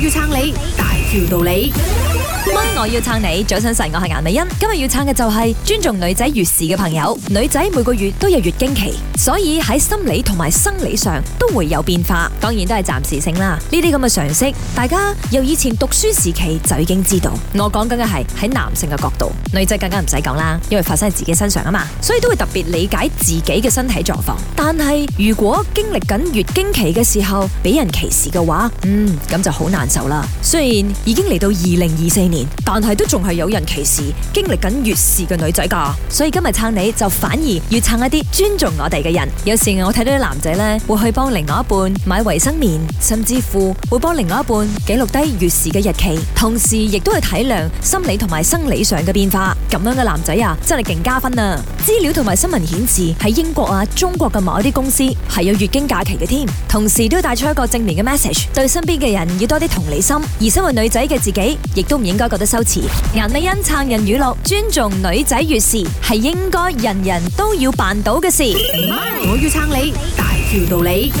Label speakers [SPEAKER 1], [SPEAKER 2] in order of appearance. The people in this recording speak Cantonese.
[SPEAKER 1] 要撐你，你大條道理，乜我要撐你？早晨晨，我係顏美欣。今日要撐嘅就係尊重女仔月事嘅朋友。女仔每個月都有月經期，所以喺心理同埋生理上都會有變化。當然都係暫時性啦。呢啲咁嘅常識，大家由以前讀書時期就已經知道。我講緊嘅係喺男性嘅角度，女仔更加唔使講啦，因為發生喺自己身上啊嘛，所以都會特別理解自己嘅身體狀況。但係如果經歷緊月經期嘅時候俾人歧視嘅話，嗯，咁就好難。啦！雖然已經嚟到二零二四年，但係都仲係有人歧視經歷緊月事嘅女仔噶。所以今日撐你就反而要撐一啲尊重我哋嘅人。有時我睇到啲男仔呢，會去幫另外一半買衛生棉，甚至乎會幫另外一半記錄低月事嘅日期，同時亦都係體諒心理同埋生理上嘅變化。咁樣嘅男仔啊，真係勁加分啊！資料同埋新聞顯示，喺英國啊、中國嘅某一啲公司係有月經假期嘅添。同時都要帶出一個正面嘅 message，對身邊嘅人要多啲同理心，而身為女仔嘅自己，亦都唔應該覺得羞恥。顏麗欣撐人語錄：尊重女仔，月事係應該人人都要辦到嘅事。我要撐你，大條道理。